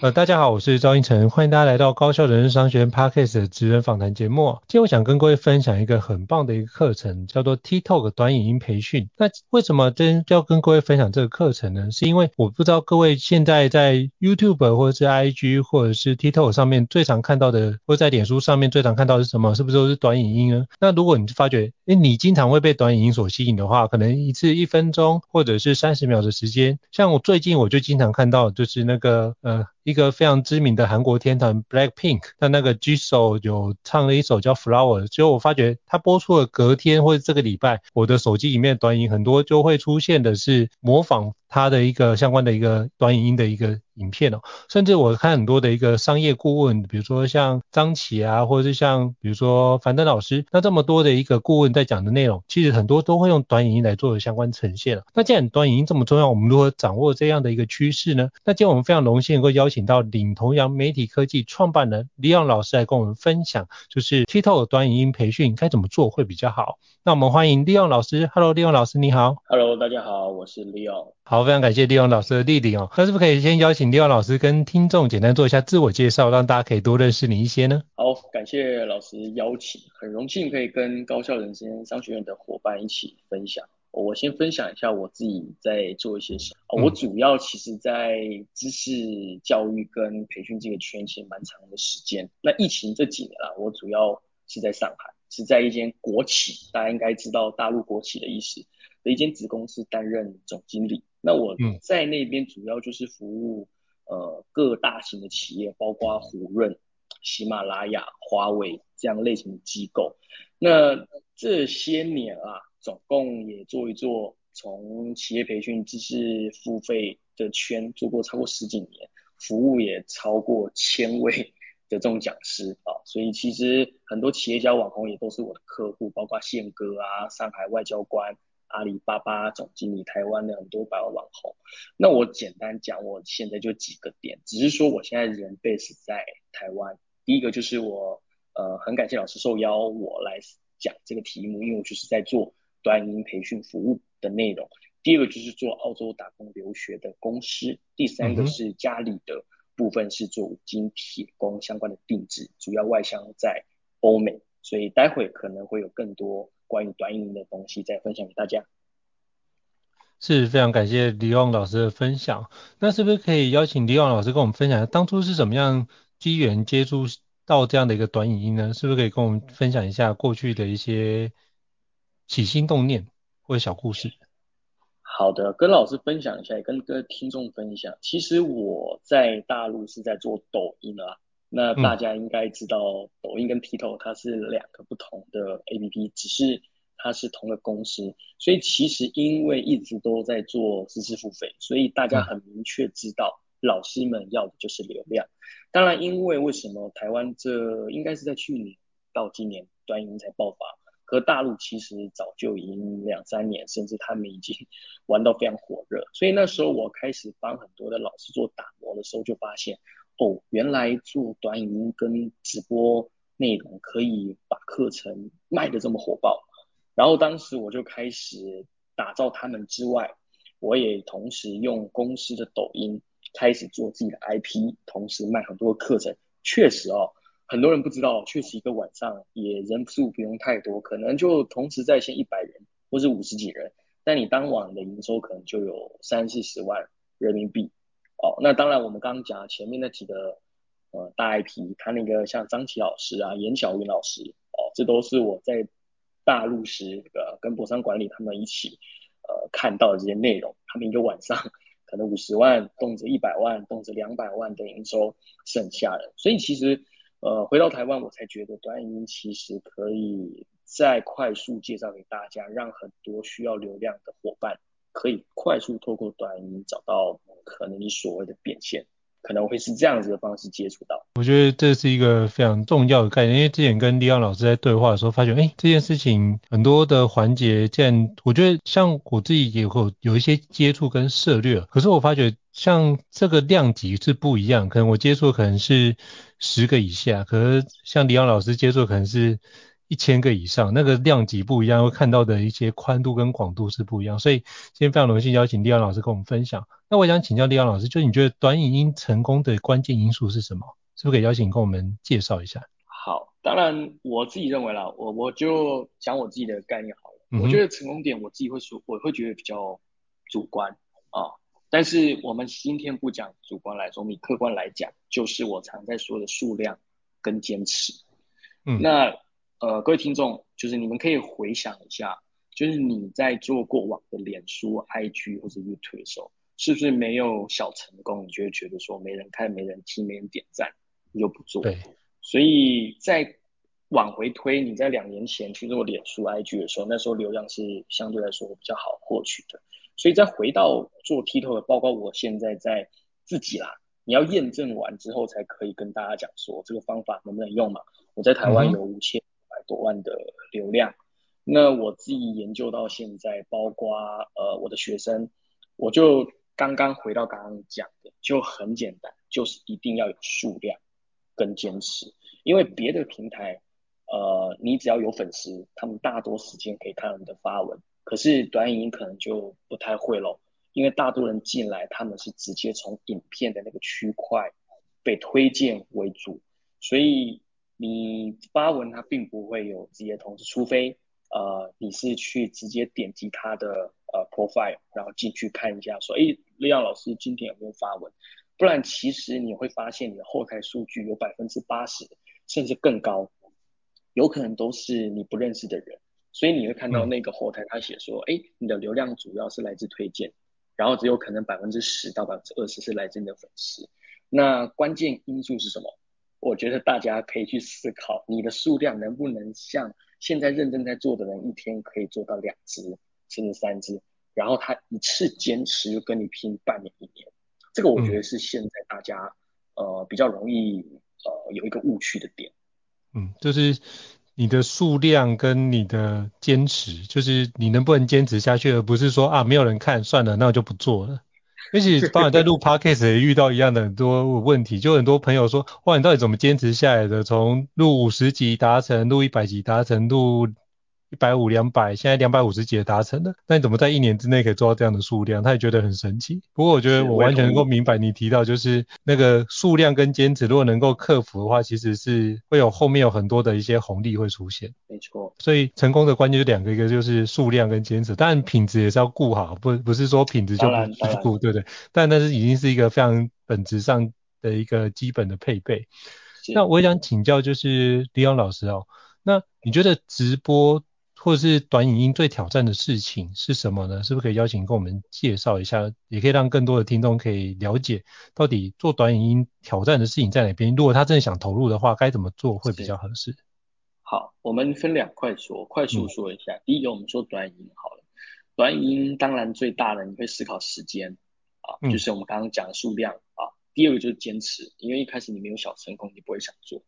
呃，大家好，我是趙胤丞，歡迎大家來到高效人生商學院 Podcast 的職人訪談節目。今天我想跟各位分享一個很棒的一個課程，叫做 TikTok 短影音培訓。那為什麼今天要跟各位分享這個課程呢？是因為我不知道各位現在在 YouTube 或者是 IG 或者是 TikTok 上面最常看到的，或者在臉書上面最常看到的是什麼？是不是都是短影音呢？那如果你發覺，誒你經常會被短影音所吸引的話，可能一次一分鐘或者是三十秒的時間。像我最近我就經常看到，就是那個呃。一個非常知名的韓國天團 Black Pink 他那個 Jisoo 有唱了一首叫《Flower》，之後我發覺他播出了隔天或者這個禮拜，我的手機裡面的短音很多就會出現的是模仿。它的一個相關的一個短影音的一個影片哦，甚至我看很多的一個商業顧問，比如說像張琪啊，或者是像比如說樊登老師，那這麼多的一個顧問在講的內容，其實很多都會用短影音來做相關呈現。那既然短影音這麼重要，我們如何掌握這樣的一個趨勢呢？那今天我們非常榮幸能夠邀請到領頭羊媒體科技創辦人 Lion 老師來跟我們分享，就是 TikTok 短影音培訓該怎麼做會比較好。那我們歡迎 Lion 老師，Hello，Lion 老師你好，Hello，大家好，我是 Lion，好。好，非常感謝 Lion 老師的蒞臨哦。那是不是可以先邀請 Lion 老師跟聽眾簡單做一下自我介紹，讓大家可以多認識你一些呢？好，感謝老師邀請，很榮幸可以跟高效人生商學院的夥伴一起分享，哦。我先分享一下我自己在做一些什麼，嗯哦。我主要其實在知識教育跟培訓這個圈，其實蠻長的時間。那疫情這幾年啊，我主要是在上海，是在一間國企，大家應該知道大陸國企的意思，的一間子公司擔任總經理。那我在那邊主要就是服務、嗯、呃各大型的企業，包括胡潤、喜馬拉雅、華為這樣類型的機構。那這些年啊，總共也做一做，從企業培訓、知識付費的圈做過超過十幾年，服務也超過千位的這種講師啊。所以其實很多企業家、網紅也都是我的客戶，包括憲哥啊、上海外交官。阿里巴巴總經理，台灣的很多百萬網紅。那我簡單講，我現在就幾個點，只是說我現在人 base 在台灣。第一個就是我，呃，很感謝老師受邀我來講這個題目，因為我就是在做短影音培訓服務的內容。第二個就是做澳洲打工留學的公司。第三個是家裡的部分是做五金鐵工相關的定制，主要外銷在歐美。所以待會可能會有更多。關於短影音的東西，再分享給大家。是非常感謝 Lion 老師的分享。那是不是可以邀請 Lion 老師跟我們分享一下，當初是怎麼樣機緣接觸到這樣的一個短影音呢？是不是可以跟我們分享一下過去的一些起心動念或者小故事？嗯、好的，跟老師分享一下，也跟各位聽眾分享。其實我在大陸是在做抖音啊。那大家應該知道，抖音跟 TikTok 它是兩個不同的 APP，、嗯、只是它是同個公司，所以其實因為一直都在做知識付費，所以大家很明確知道，老師們要的就是流量。嗯、當然，因為為什麼台灣這應該是在去年到今年短影音才爆發，和大陸其實早就已經兩三年，甚至他們已經玩到非常火熱，所以那時候我開始幫很多的老師做打磨的時候，就發現。哦，原來做短影音跟直播內容可以把課程賣得這麼火爆，然後當時我就開始打造他們之外，我也同時用公司的抖音開始做自己的 IP，同時賣很多課程。確實哦，很多人不知道，確實一個晚上也人數不用太多，可能就同時在線一百人或是五十幾人，但你當晚的營收可能就有三四十萬人民幣。哦，那當然，我們剛剛講前面那幾個呃大 IP，他那個像張琪老師啊、嚴曉雲老師哦，這都是我在大陸時呃跟博商管理他們一起呃看到的這些內容，他們一個晚上可能五十萬、動輒一百萬、動輒兩百萬的營收剩下的。所以其實呃回到台灣我才覺得短影音其實可以再快速介紹給大家，讓很多需要流量的夥伴可以快速透過短影音找到。可能你所謂的變現，可能會是這樣子的方式接觸到。我覺得這是一個非常重要的概念，因為之前跟 Lion 老師在對話的時候，發覺，誒、欸、這件事情很多的環節，這樣我覺得像我自己也有有一些接觸跟涉略，可是我發覺像這個量級是不一樣，可能我接觸可能是十個以下，可是像 Lion 老師接觸可能是。一千個以上，那個量級不一樣，會看到的一些寬度跟廣度是不一樣。所以今天非常榮幸邀請 Lion 老師跟我們分享。那我想請教 Lion 老師，就你覺得短影音成功的關鍵因素是什麼？是不是可以邀請跟我們介紹一下？好，當然我自己認為啦，我我就講我自己的概念好了、嗯。我覺得成功點我自己會說我會覺得比較主觀啊。但是我們今天不講主觀來說，你客觀來講，就是我常在說的數量跟堅持。嗯，那呃，各位聽眾，就是你們可以回想一下，就是你在做過往的臉書、IG 或者 YouTube 的時候，是不是沒有小成功，你就會覺得說，沒人看、沒人聽、沒人點讚，你就不做？對。所以在往回推，你在兩年前去做臉書、IG 的時候，那時候流量是相對來說比較好獲取的。所以再回到做 TikTok 的報告，包括我現在在自己啦，你要驗證完之後才可以跟大家講說，這個方法能不能用嘛？我在臺灣有五千、嗯。百多萬的流量，那我自己研究到現在，包括呃我的學生，我就剛剛回到剛剛講的，就很簡單，就是一定要有數量跟堅持，因為別的平台，呃你只要有粉絲，他們大多時間可以看到你的發文，可是短影音可能就不太會嘍，因為大多人進來，他們是直接從影片的那個區塊被推薦為主，所以，你發文，它並不會有直接通知，除非呃你是去直接點擊它的呃 profile，然後進去看一下說，哎，Lion 老師今天有沒有發文？不然其實你會發現你的後台數據有百分之八十甚至更高，有可能都是你不認識的人，所以你會看到那個後台他寫說，哎，你的流量主要是來自推薦，然後只有可能百分之十到百分之二十是來自你的粉絲。那關鍵因素是什麼？我覺得大家可以去思考，你的數量能不能像現在認真在做的人，一天可以做到兩隻甚至三隻，然後他一次堅持又跟你拼半年一年，這個我覺得是現在大家、嗯、呃比較容易呃有一個誤區的點，嗯，就是你的數量跟你的堅持，就是你能不能堅持下去，而不是說啊沒有人看算了，那我就不做了。也許當你在錄 Podcast 也遇到一樣的很多問題，就很多朋友說，哇，你到底怎麼堅持下來的？從錄五十集達成，錄一百集達成，錄。一百五兩百，現在兩百五十幾達成了，那你怎麼在一年之內可以做到這樣的數量？他也覺得很神奇。不過我覺得我完全能夠明白你提到就是那個數量跟堅持，如果能夠克服的話，其實是會有後面有很多的一些紅利會出現。沒錯。所以成功的關鍵就兩個，一個就是數量跟堅持，但品質也是要顧好，不不是說品質就不顧，對不對？但那是已經是一個非常本質上的一個基本的配備。那我想請教就是 Lion 老師哦，那你覺得直播？或者是短影音最挑戰的事情是什麼呢？是不是可以邀請跟我們介紹一下，也可以讓更多的聽眾可以了解到底做短影音挑戰的事情在哪邊？如果他真的想投入的話，該怎麼做會比較合適？好，我們分兩塊說，快速說一下。嗯、第一個，我們說短影音好了，短影音當然最大的你會思考時間啊、嗯，就是我們剛剛講的數量啊。第二個就是堅持，因為一開始你沒有小成功，你不會想做。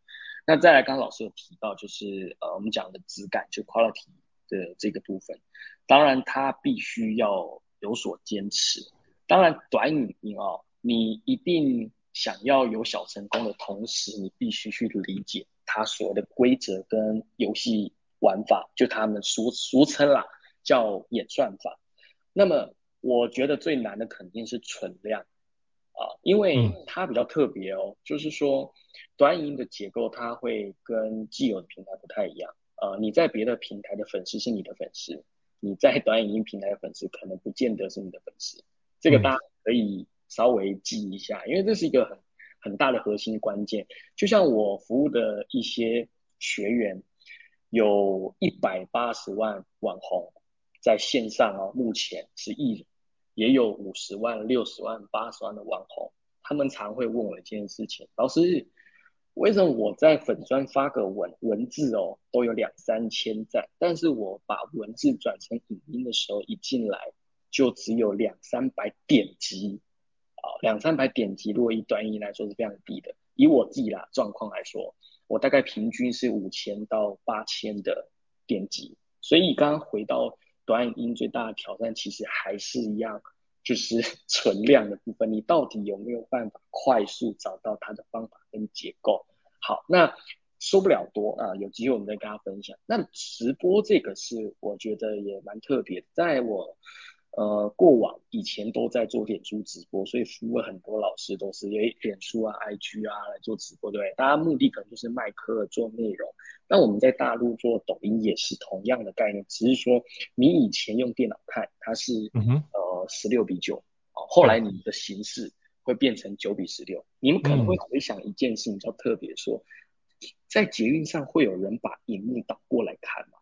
那再來，剛剛老師有提到，就是呃、嗯，我們講的質感，就 quality 的這個部分，當然它必須要有所堅持。當然，短影音哦，你一定想要有小成功的同時，你必須去理解它所謂的規則跟遊戲玩法，就他們俗俗稱啦，叫演算法。那麼，我覺得最難的肯定是存量。啊，因為它比較特別哦、嗯，就是說，短影音的結構它會跟既有的平台不太一樣。呃，你在別的平台的粉絲是你的粉絲，你在短影音平台的粉絲可能不見得是你的粉絲。這個大家可以稍微記一下，嗯、因為這是一個很很大的核心關鍵。就像我服務的一些學員，有一百八十萬網紅在線上哦，目前是藝人。也有五十萬、六十萬、八十萬的網紅，他們常會問我一件事情：老師，為什麼我在粉專發個文文字哦，都有兩三千贊，但是我把文字轉成影音的時候，一進來就只有兩三百點擊啊，兩三百點擊，如果以短影音來說是非常低的。以我自己啦狀況來說，我大概平均是五千到八千的點擊。所以剛剛回到。短影音最大的挑戰，其實還是一樣，就是存量的部分，你到底有沒有辦法快速找到它的方法跟結構？好，那說不了多啊，有機會我們再跟大家分享。那直播這個是我覺得也蠻特別，在我。呃，過往以前都在做臉書直播，所以服務很多老師都是因為臉書啊、IG 啊來做直播，對不對？大家目的可能就是賣課、做內容。那我們在大陸做抖音也是同樣的概念，只是說你以前用電腦看，它是、嗯、呃十六比九，哦，後來你的形式會變成九比十六、嗯。你們可能會回想一件事情叫特別說，說、嗯、在捷運上會有人把熒幕倒過來看嗎？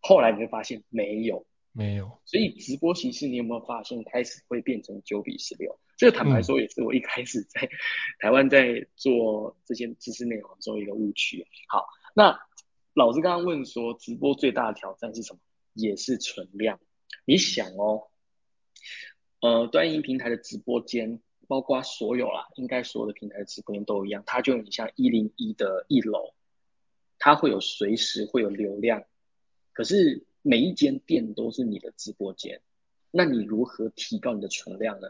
後來你會發現沒有。沒有，所以直播形式你有沒有發現開始會變成九比十六？這個坦白說也是我一開始在台灣在做這些知識內容時候一個誤區。好，那老師剛剛問說，直播最大的挑戰是什麼？也是存量。你想哦，呃，端音平台的直播間，包括所有啦，應該所有的平台的直播間都一樣，它就你像一零一的一樓，它會有隨時會有流量，可是，每一間店都是你的直播間，那你如何提高你的存量呢？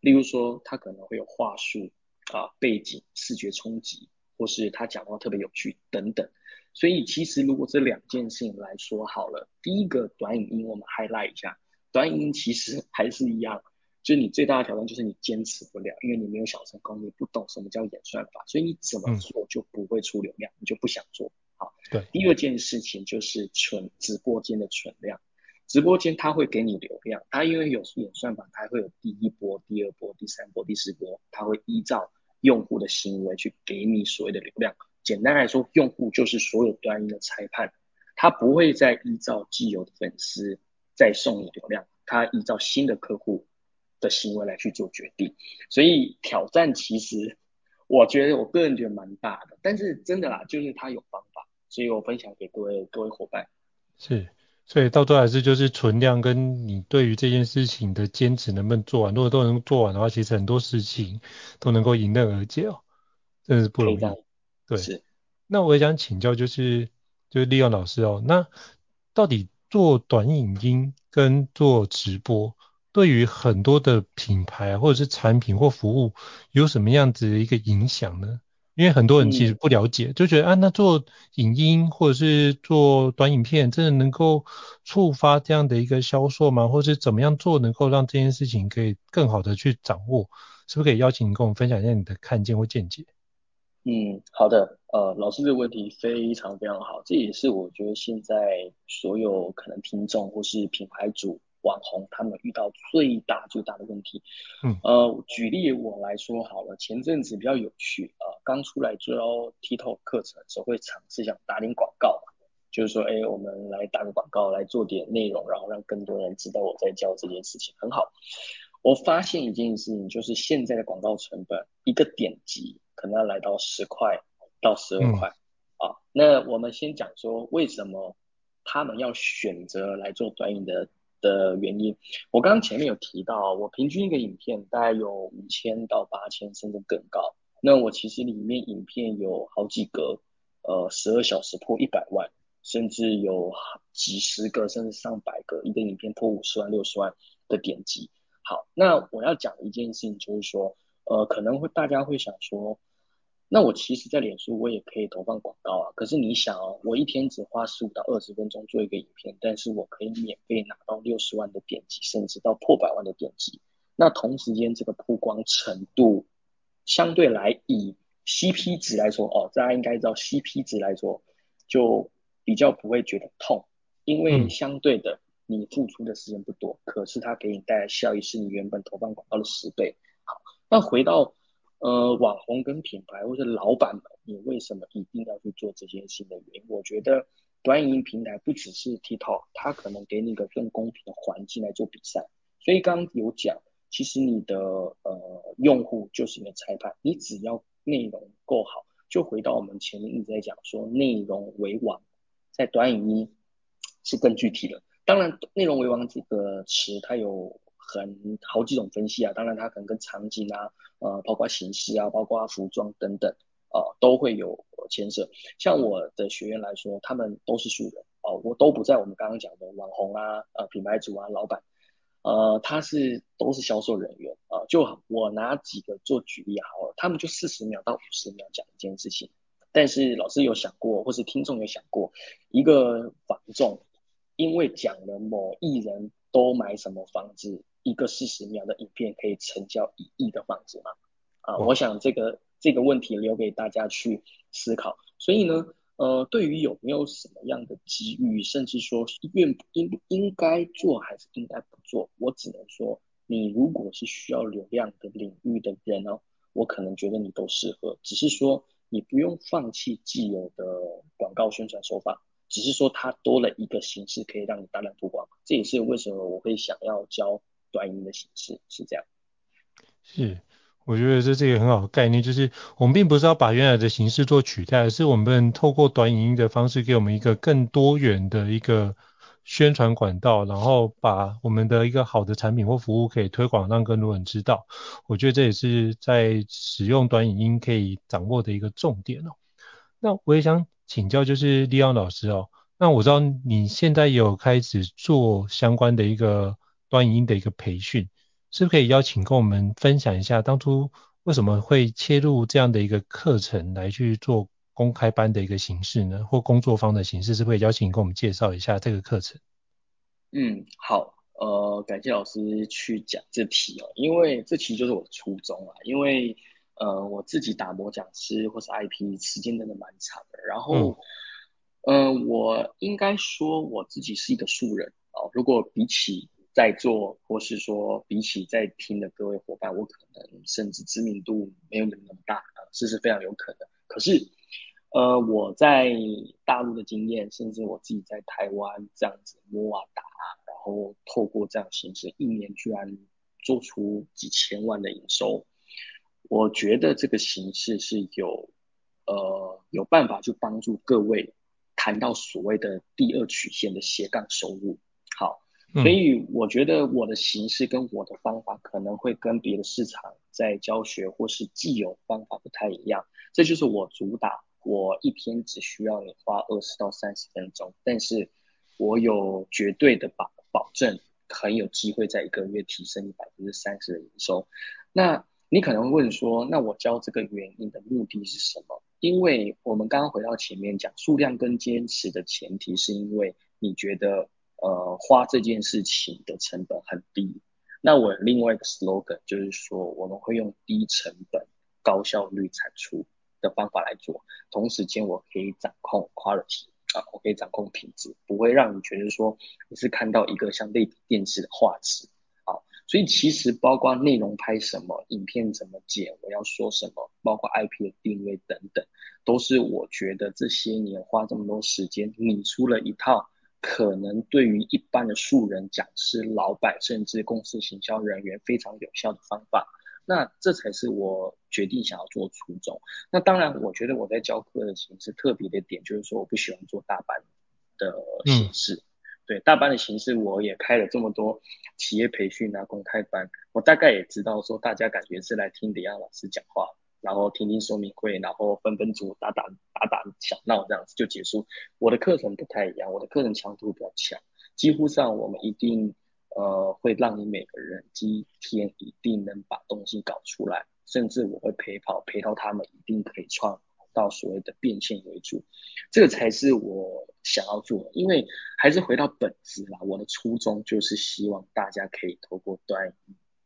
例如說，他可能會有話術啊、背景、視覺衝擊，或是他講話特別有趣等等。所以其實如果這兩件事情來說好了，第一個短影音我們 highlight 一下，短影音其實還是一樣，就是你最大的挑戰就是你堅持不了，因為你沒有小成功，你不懂什麼叫演算法，所以你怎麼做就不會出流量，嗯、你就不想做。對，第二件事情就是存直播間的存量，直播間他會給你流量，他因為有演算法，他會有第一波、第二波、第三波、第四波，他會依照用戶的行為去給你所謂的流量。簡單來說，用戶就是所有端音的裁判，他不會再依照既有的粉絲再送你流量，他依照新的客戶的行為來去做決定。所以挑戰其實我覺得我個人覺得蠻大的，但是真的啦，就是他有方。所以我分享給各位各位夥伴。是，所以到最後還是就是存量跟你對於這件事情的堅持能不能做完，如果都能做完的話，其實很多事情都能夠迎刃而解哦，真的是不容易。對，是。那我也想請教，就是就是 Lion 老師哦，那到底做短影音跟做直播，對於很多的品牌啊，或者是產品或服務，有什麼樣子的一個影響呢？因為很多人其實不了解，嗯、就覺得啊，那做影音或者是做短影片，真的能夠觸發這樣的一個銷售嗎？或者是怎麼樣做能夠讓這件事情可以更好的去掌握？是不是可以邀請你跟我們分享一下你的看見或見解？嗯，好的。呃，老師這個問題非常非常好，這也是我覺得現在所有可能聽眾或是品牌主。網紅他們遇到最大最大的問題，嗯呃，舉例我來說好了，前陣子比較有趣啊，呃，剛出來做 TikTok 課程的時候，只會嘗試想打點廣告，就是說，哎，我們來打個廣告，來做點內容，然後讓更多人知道我在教這件事情很好。我發現一件事情，就是現在的廣告成本，一個點擊可能要來到十塊到十二塊，嗯，啊。那我們先講說為什麼他們要選擇來做短影的。的原因，我剛剛前面有提到，我平均一個影片大概有五千到八千，甚至更高。那我其實裡面影片有好幾個，呃，十二小時破一百萬，甚至有幾十個甚至上百個一個影片破五十萬、六十萬的點擊。好，那我要講一件事情，就是說，呃，可能會大家會想說。那我其實，在臉書我也可以投放廣告啊。可是你想哦，我一天只花十五到二十分鐘做一個影片，但是我可以免費拿到六十萬的點擊，甚至到破百萬的點擊。那同時間這個曝光程度，相對來以 CP 值來說哦，大家應該知道 CP 值來說，就比較不會覺得痛，因為相對的你付出的時間不多，嗯，可是它給你帶來效益是你原本投放廣告的十倍。好，那回到。呃，網紅跟品牌或者老闆們，你為什麼一定要去做這些新的原因？我覺得短影音平台不只是 TikTok，它可能給你一個更公平的環境來做比賽。所以剛剛有講，其實你的呃用戶就是你的裁判，你只要內容夠好，就回到我們前面一,一直在講說內容為王，在短影音是更具體的。當然，內容為王這個詞它有。很好幾種分析啊，當然它可能跟場景啊，呃，包括形式啊，包括服裝等等啊、呃，都會有牽涉。像我的學員來說，他們都是素人啊，我、呃、都不在我們剛剛講的網紅啊，呃，品牌主啊，老闆，呃，他是都是銷售人員啊、呃。就我拿幾個做舉例、啊、好了，他們就四十秒到五十秒講一件事情。但是老師有想過，或是聽眾有想過，一個房仲因為講了某一人都買什麼房子？一個四十秒的影片，可以成交一億的房子嗎？啊，我想這個這個問題留給大家去思考。所以呢，呃，對於有沒有什麼樣的機遇，甚至說願應不應該做還是應該不做，我只能說，你如果是需要流量的領域的人哦，我可能覺得你都適合。只是說你不用放棄既有的廣告宣傳手法，只是說它多了一個形式可以讓你大量曝光。這也是為什麼我會想要教。短音的形式是，是這樣，是，我覺得這是一個很好的概念，就是我們並不是要把原來的形式做取代，而是我們不能透過短影音的方式，給我們一個更多元的一個宣傳管道，然後把我們的一個好的產品或服務可以推廣讓更多人知道。我覺得這也是在使用短影音可以掌握的一個重點哦。那我也想請教，就是 Lion 老師哦，那我知道你現在也有開始做相關的一個。短影音的一個培訓，是不是可以邀請跟我們分享一下，當初為什麼會切入這樣的一個課程來去做公開班的一個形式呢？或工作坊的形式，是不是可以邀請跟我們介紹一下這個課程？嗯，好，呃，感謝老師去講這題哦，因為這題就是我的初衷啊，因為呃我自己打磨講師或是 IP 時間真的蠻長的，然後、嗯、呃我應該說我自己是一個素人啊、哦，如果比起。在做，或是說比起在聽的各位夥伴，我可能甚至知名度沒有你們那麼大，這是非常有可能。可是，呃，我在大陸的經驗，甚至我自己在台灣這樣子摸啊打啊，然後透過這樣的形式，一年居然做出幾千萬的營收，我覺得這個形式是有，呃，有辦法去幫助各位談到所謂的第二曲線的斜槓收入。所以我覺得我的形式跟我的方法可能會跟別的市場在教學或是既有方法不太一樣，這就是我主打。我一天只需要你花二十到三十分鐘，但是我有絕對的保保證，很有機會在一個月提升你百分之三十的營收。那你可能會問說，那我教這個原因的目的是什麼？因為我們剛剛回到前面講數量跟堅持的前提，是因為你覺得。呃，花這件事情的成本很低。那我的另外一個 slogan 就是說，我們會用低成本、高效率產出的方法來做。同時間，我可以掌控 quality 啊，我可以掌控品質，不會讓你覺得說你是看到一個像類比電視的畫質啊。所以其實包括內容拍什麼、影片怎麼剪、我要說什麼，包括 IP 的定位等等，都是我覺得這些年花這麼多時間擰出了一套。可能對於一般的素人講師、老闆甚至公司行銷人員，非常有效的方法，那這才是我決定想要做的初衷。那當然，我覺得我在教課的形式特別的點，就是說我不喜歡做大班的形式。嗯。對，大班的形式我也開了這麼多企業培訓啊、公開班，我大概也知道說大家感覺是來聽 Lion 老師講話。然後聽聽說明會，然後分分組打打打打小鬧這樣子就結束。我的課程不太一樣，我的課程強度比較強，幾乎上我們一定呃會讓你每個人今天一定能把東西搞出來，甚至我會陪跑，陪到他們一定可以創到所謂的變現為主，這個才是我想要做的，因為還是回到本質啦，我的初衷就是希望大家可以透過短，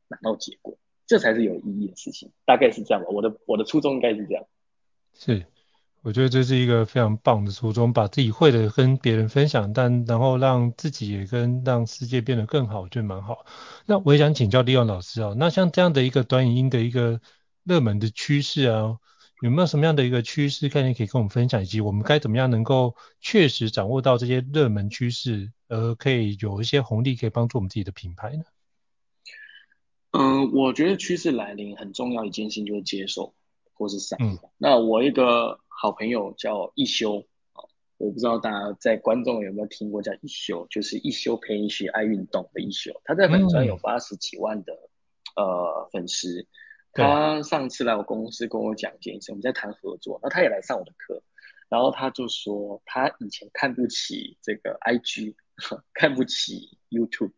拿到結果。這才是有意義的事情，大概是這樣吧。我的我的初衷應該是這樣。是，我覺得這是一個非常棒的初衷，把自己會的跟別人分享，但然後讓自己也跟讓世界變得更好，就蠻好。那我也想請教 Lion 老師啊、哦，那像這樣的一個短影音的一個熱門的趨勢啊，有沒有什麼樣的一個趨勢概念可以跟我們分享，以及我們該怎麼樣能夠確實掌握到這些熱門趨勢，而可以有一些紅利可以幫助我們自己的品牌呢？嗯，我覺得趨勢來臨很重要的一件事，嗯、就是接受或是散、嗯。那我一個好朋友叫一休啊，我不知道大家在觀眾有沒有聽過叫一休，就是一休陪你一起愛運動的一休。他在粉專有八十幾萬的，嗯、呃粉絲。他上次來我公司跟我講一件事，我們在談合作，那他也來上我的課。然後他就說他以前看不起這個 IG，看不起 YouTube。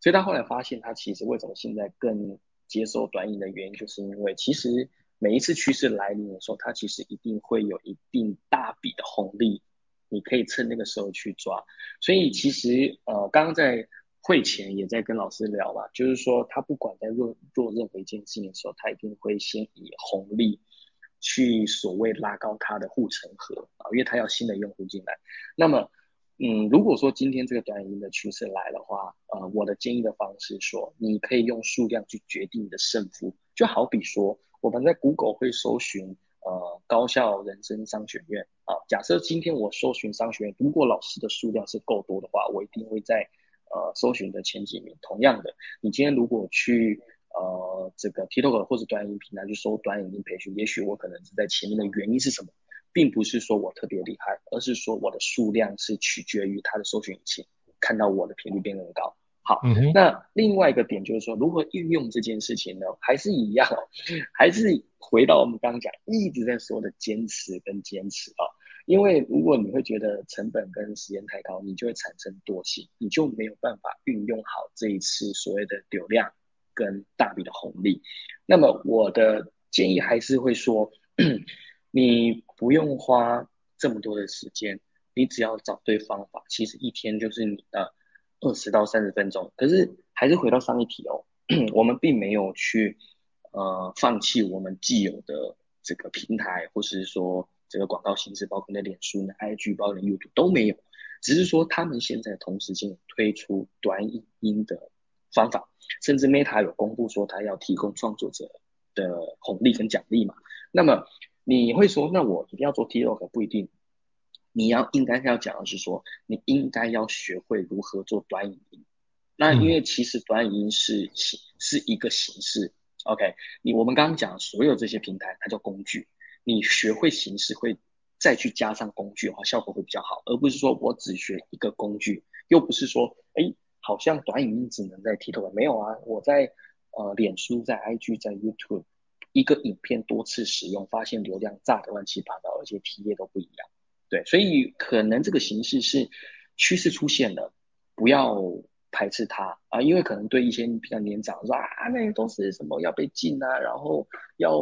所以他後來發現，他其實為什麼現在更接受短影的原因，就是因為其實每一次趨勢來臨的時候，他其實一定會有一定大筆的紅利，你可以趁那個時候去抓。所以其實呃，剛剛在會前也在跟老師聊吧，就是說他不管在做做任何一件事情的時候，他一定會先以紅利去所謂拉高他的護城河啊，因為他要新的用戶進來。那麼嗯，如果說今天這個短影音的趨勢來的話，呃，我的建議的方式說，你可以用數量去決定你的勝負。就好比說，我們在 Google 會搜尋，呃，高效、人生、商學院。啊、呃，假設今天我搜尋商學院，如果老師的數量是夠多的話，我一定會在呃搜尋的前幾名。同樣的，你今天如果去呃這個 TikTok 或者短影音平台去搜短影音培訓，也許我可能是在前面的原因是什麼？並不是說我特別厲害，而是說我的數量是取決於它的搜尋引擎，看到我的頻率變更高。好、嗯，那另外一個點就是說如何運用這件事情呢？還是一樣，還是回到我們剛剛講，一直在說的堅持跟堅持啊、哦。因為如果你會覺得成本跟時間太高，你就會產生惰性，你就沒有辦法運用好這一次所謂的流量跟大筆的紅利。那麼我的建議還是會說 你。不用花這麼多的時間，你只要找對方法，其實一天就是你的二十到三十分鐘。可是還是回到上一題哦，我們並沒有去呃放棄我們既有的這個平台，或是說這個廣告形式，包括你的臉書、你的 IG 包括你的 YouTube 都沒有，只是說他們現在同時間推出短影音的方法，甚至 Meta 有公布說他要提供創作者的紅利跟獎勵嘛，那麼。你會說，那我一定要做 TikTok，不一定。你要應該要講的是說，你應該要學會如何做短影音。那因為其實短影音是形、嗯、是一個形式，OK？你我們剛剛講所有這些平台，它叫工具。你學會形式，會再去加上工具的話，效果會比較好，而不是說我只學一個工具，又不是說，誒好像短影音只能在 TikTok，沒有啊，我在呃臉書、在 IG、在 YouTube。一個影片，多次使用，發現流量炸得亂七八糟，而且體驗都不一樣。對，所以可能這個形式是趨勢出現了，不要排斥它啊，因為可能對一些比較年長說啊，那些東西什麼要被禁啊，然後要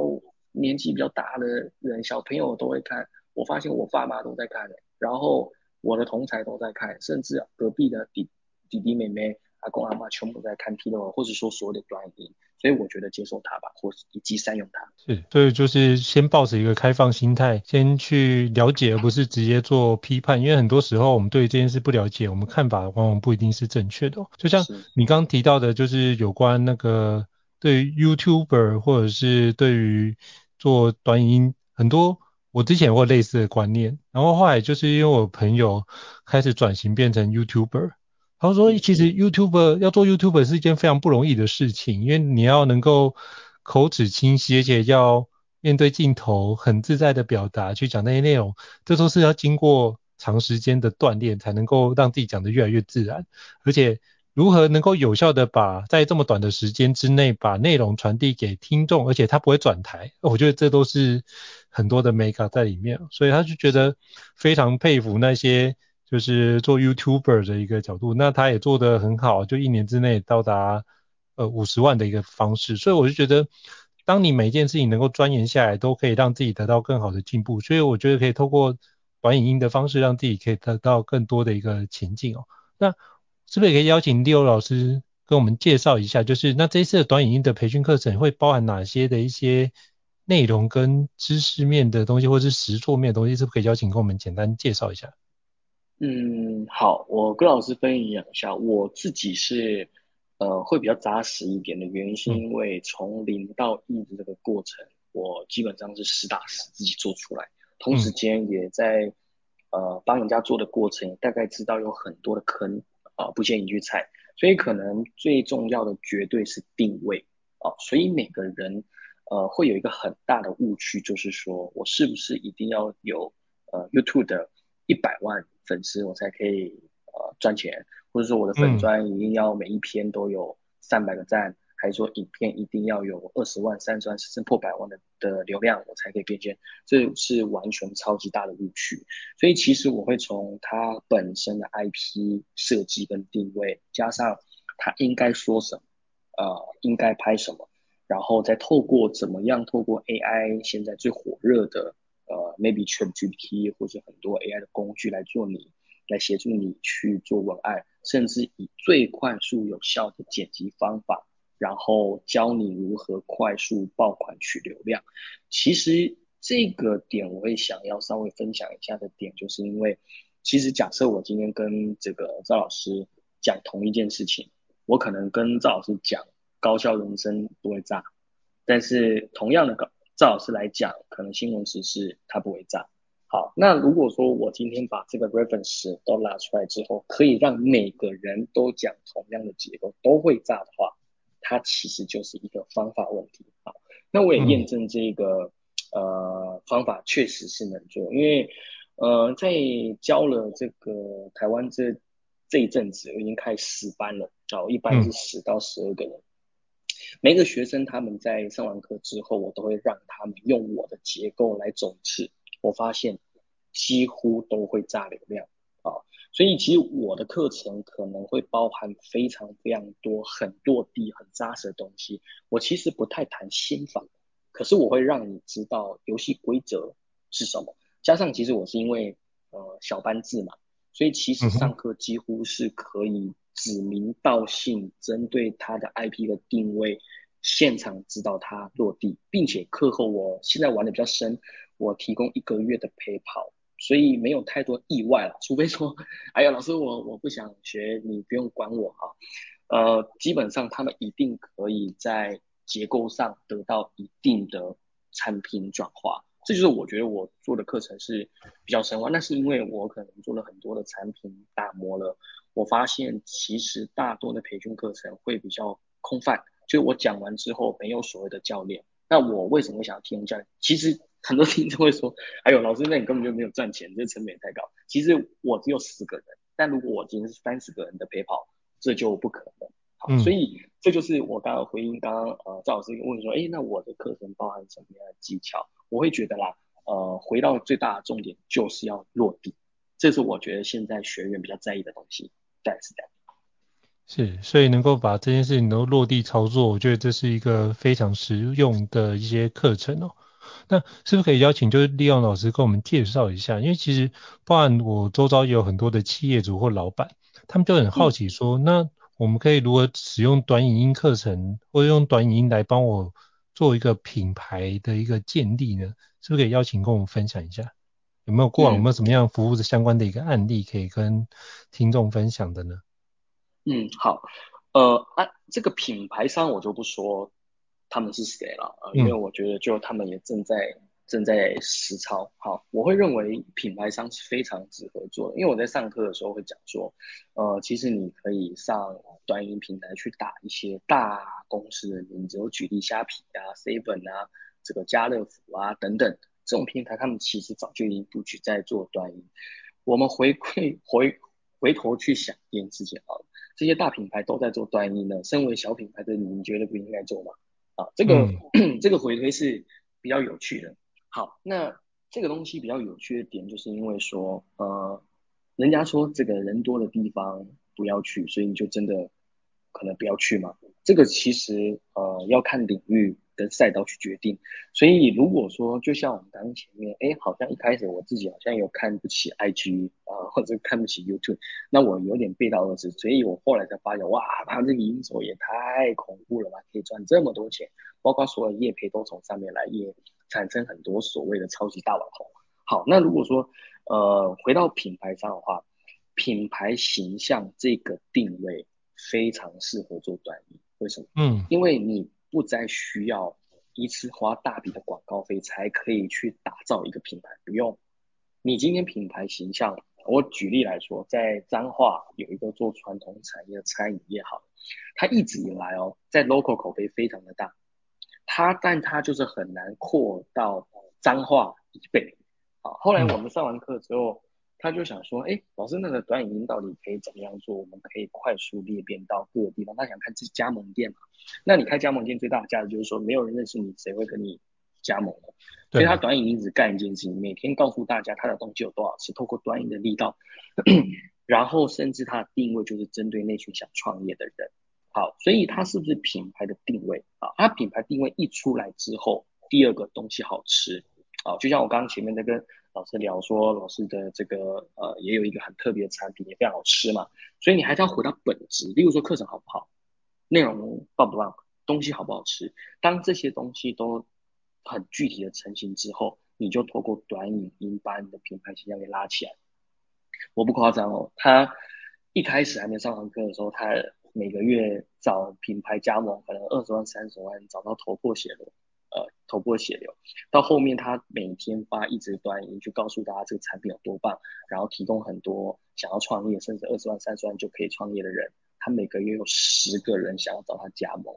年紀比較大的人，小朋友都會看。我發現我爸媽都在看，然後我的同儕都在看，甚至隔壁的弟弟妹妹，阿公阿嬤全部在看 TikTok，或者說所有的短影音，所以我覺得接受它吧，或是以及善用它。是，所以就是先抱着一個開放心態，先去了解，而不是直接做批判。因為很多時候我們對於這件事不了解，我們看法往往不一定是正確的哦。就像你剛剛提到的，就是有關那個對於 YouTuber 或者是對於做短影音，很多我之前我有過類似的觀念，然後後來就是因為我朋友開始轉型變成 YouTuber。他說：“其實 YouTuber 要做 YouTuber 是一件非常不容易的事情，因為你要能夠口齒清晰，而且要面對鏡頭很自在的表達，去講那些內容，這都是要經過長時間的鍛鍊，才能夠讓自己講得越來越自然。而且如何能夠有效的把在這麼短的時間之內，把內容傳遞給聽眾，而且他不會轉台，我覺得這都是很多的門檻在裡面。所以他就覺得非常佩服那些。”就是做 YouTuber 的一個角度，那他也做得很好，就一年之內到達呃五十萬的一個方式。所以我就覺得，當你每一件事情能夠鑽研下來，都可以讓自己得到更好的進步。所以我覺得可以透過短影音的方式，讓自己可以得到更多的一個前進哦。那是不是也可以邀請 Lion 老師跟我們介紹一下，就是那這一次的短影音的培訓課程會包含哪些的一些內容跟知識面的東西，或者是實作面的東西，是不是可以邀請跟我們簡單介紹一下？嗯，好，我跟老師分享一下，我自己是，呃，會比較紮實一點的原因，是因為從零到一的這個過程、嗯，我基本上是實打實自己做出來、嗯，同時間也在，呃，幫人家做的過程，大概知道有很多的坑，啊、呃，不建議去踩，所以可能最重要的絕對是定位，啊、呃，所以每個人，呃，會有一個很大的誤區，就是說我是不是一定要有，呃，YouTube 的一百萬粉絲我才可以呃，賺錢，或者說我的粉專，一定要每一篇都有三百個贊，嗯，還是說影片一定要有二十萬、三十萬甚至破百萬的的流量，我才可以變現，嗯，這是完全超級大的誤區。所以其實我會從他本身的 IP 設計跟定位，加上他應該說什麼，呃，應該拍什麼，然後再透過怎麼樣透過 AI 現在最火熱的。呃、uh，maybe ChatGPT 或者很多 AI 的工具來做你，來協助你去做文案，甚至以最快速有效的剪輯方法，然後教你如何快速爆款取流量。其實這個點我也想要稍微分享一下的點，就是因為其實假設我今天跟這個趙老師講同一件事情，我可能跟趙老師講高效人生不會炸，但是同樣的高。趙老師來講，可能形容詞是它不會炸。好，那如果說我今天把這個 reference 都拉出來之後，可以讓每個人都講同樣的結構，都會炸的話，它其實就是一個方法問題。好，那我也驗證這個、嗯、呃方法確實是能做，因為呃在教了這個台灣這這一陣子，我已經開十班了，好，一般是十到十二個人。嗯每一個學生他們在上完課之後，我都會讓他們用我的結構來總結，我發現幾乎都會炸流量啊！所以其實我的課程可能會包含非常非常多、很落地、很扎實的東西。我其實不太談心法，可是我會讓你知道遊戲規則是什麼。加上其實我是因為呃小班制嘛，所以其實上課幾乎是可以。指名道姓，針對他的 IP 的定位，現場指導他落地，並且課後我現在玩得比較深，我提供一個月的陪跑，所以沒有太多意外了。除非說，哎呀，老師，我我不想學，你不用管我哈、啊。呃，基本上他們一定可以在結構上得到一定的產品轉化，這就是我覺得我做的課程是比較深化，那是因為我可能做了很多的產品打磨了。我發現其實大多的培訓課程會比較空泛，就我講完之後沒有所謂的教練。那我為什麼會想要提供教練？其實很多聽眾會說：“哎呦，老師，那你根本就沒有賺錢，你這成本太高。”其實我只有十個人，但如果我今天是三十個人的陪跑，這就不可能。好，所以這就是我剛剛回應剛剛呃趙老師問說：“誒，那我的課程包含什麼樣的技巧？”我會覺得啦，呃，回到最大的重點就是要落地，這是我覺得現在學員比較在意的東西。是是,是，所以能夠把這件事情都落地操作，我覺得這是一個非常實用的一些課程哦。那是不是可以邀請就是 Lion 老師跟我們介紹一下？因為其實包含，我周遭也有很多的企業主或老板，他們就很好奇說，嗯，那我們可以如何使用短影音課程，或者用短影音來幫我做一個品牌的一個建立呢？是不是可以邀請跟我們分享一下？有沒有過往有沒有什麼樣服務的相關的一個案例可以跟聽眾分享的呢？嗯，好，呃、啊，這個品牌商我就不說他們是誰了，呃嗯、因為我覺得就他們也正在正在實操。好，我會認為品牌商是非常值得做的，因為我在上課的時候會講說，呃，其實你可以上短影音平台去打一些大公司的名字，你只有舉例蝦皮啊、Sabon 啊、這個家樂福啊等等。這種平台他們其實早就已經布局在做短影音，我們回饋回回頭去想一件事情啊，這些大品牌都在做短影音呢，身為小品牌的你們覺得不應該做嗎？啊這個、嗯、這個回推是比較有趣的。好，那這個東西比較有趣的點就是因為說，呃，人家說這個人多的地方不要去，所以你就真的可能不要去嘛，這個其實呃，要看領域。跟賽道去決定，所以如果說就像我們剛剛前面，哎、欸，好像一開始我自己好像有看不起 IG 啊，或者看不起 YouTube，那我有點背道而馳，所以我後來才發現，哇，它這個營收也太恐怖了吧，可以賺這麼多錢，包括所有業配都從上面來，也產生很多所謂的超級大網紅。好，那如果說呃回到品牌上的話，品牌形象這個定位非常適合做短影音，為什麼？嗯，因為你。不再需要一次花大筆的廣告費才可以去打造一個品牌，不用。你今天品牌形象，我舉例來說，在彰化有一個做傳統產業的餐飲業，好，他一直以來哦，在 local 口碑非常的大，他但他就是很難擴到彰化以北。啊，後來我們上完課之後，他就想說，哎、欸，老師那個短影音到底可以怎麼樣做？我們可以快速裂變到各個地方。他想開自己加盟店嘛？那你開加盟店最大的價值就是說，沒有人認識你，誰會跟你加盟呢？所以，他短影音只幹一件事情，每天告訴大家他的東西有多好吃。透過短影的力道， 然後甚至他的定位就是針對那群想創業的人。好，所以他是不是品牌的定位啊？他品牌定位一出來之後，第二個東西好吃啊，就像我剛剛前面那個。老師聊說，老師的這個呃也有一個很特別的產品，也非常好吃嘛，所以你還是要回到本質，例如說，課程好不好，內容棒不棒，東西好不好吃。當這些東西都很具體的成型之後，你就透過短影音把你的品牌形象給拉起來。我不誇張哦，他一開始還沒上完課的時候，他每個月找品牌加盟，可能二十萬三十萬找到頭破血流。呃，頭破血流到後面，他每天發一支短影音，就告訴大家這個產品有多棒，然後提供很多想要創業，甚至二十萬、三十萬就可以創業的人，他每個月有十個人想要找他加盟，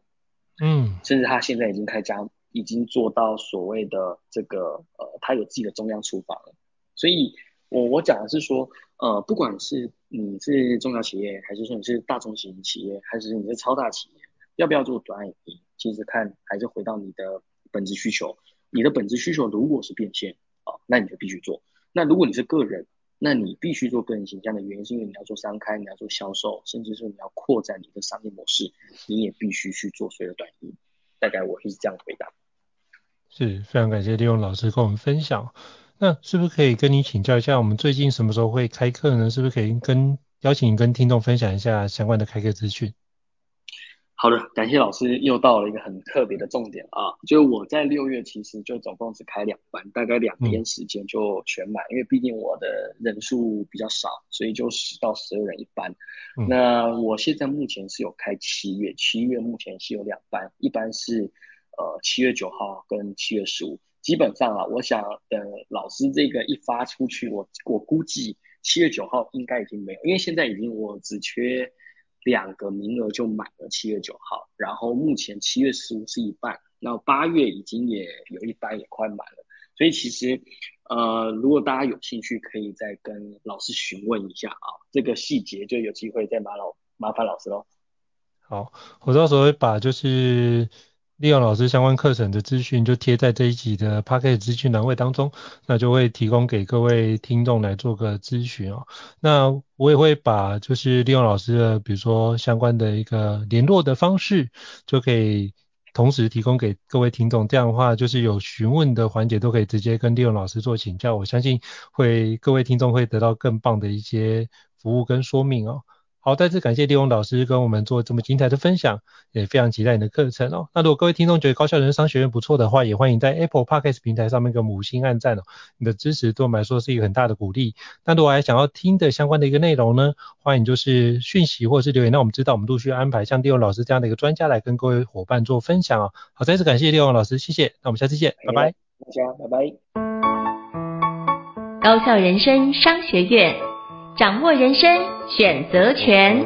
嗯，甚至他現在已經開加，已經做到所謂的這個呃，他有自己的中央廚房了。所以我，我我講的是說，呃，不管是你是中小企業，還是說你是大中型企業，還是你是超大企業，要不要做短影音其實看還是回到你的。本質需求，你的本質需求如果是變現啊、哦，那你就必須做。那如果你是個人，那你必須做個人形象的原因是因為你要做商開，你要做銷售，甚至是你要擴展你的商業模式，你也必須去做所有的短影音。大概我是這樣回答。是，非常感謝 Lion 老師跟我們分享。那是不是可以跟你請教一下，我們最近什麼時候會開課呢？是不是可以跟邀請跟聽眾分享一下相關的開課資訊？好的，感謝老師。又到了一個很特別的重點啊，就我在六月其實就總共只開兩班，大概兩天時間就全滿，嗯、因為畢竟我的人數比較少，所以就十到十二人一班、嗯。那我現在目前是有開七月，七月目前是有兩班，一般是呃七月九號跟七月十五。基本上啊，我想等老師這個一發出去，我我估計七月九號應該已經沒有，因為現在已經我只缺。兩個名額就滿了，七月九號，然後目前七月十五是一半，那八月已經也有一半也快滿了，所以其實，呃，如果大家有興趣，可以再跟老師詢問一下啊，這個細節就有機會再麻煩老麻煩老師嘍。好，我到時候會把就是。Lion 老師相關課程的資訊，就貼在這一集的 Podcast 資訊欄位當中，那就會提供給各位聽眾來做個諮詢哦。那我也會把就是 Lion 老師的，比如說相關的一個聯絡的方式，就可以同時提供給各位聽眾。這樣的話，就是有詢問的環節都可以直接跟 Lion 老師做請教。我相信會各位聽眾會得到更棒的一些服務跟說明哦。好，再次感謝 Lion 老師跟我們做這麼精彩的分享，也非常期待你的課程哦。那如果各位聽眾覺得高效人生商學院不錯的話，也歡迎在 Apple Podcast 平台上面給我們五星按讚哦。你的支持對我們來說是一個很大的鼓勵。那如果還想要聽的相關的一個內容呢，歡迎就是訊息或者是留言，那我們知道，我們陸續安排像 Lion 老師這樣的一個專家來跟各位夥伴做分享哦。好，再次感謝 Lion 老師，謝謝。那我們下次見，拜拜。大家，拜拜。高效人生商學院。掌握人生選擇權。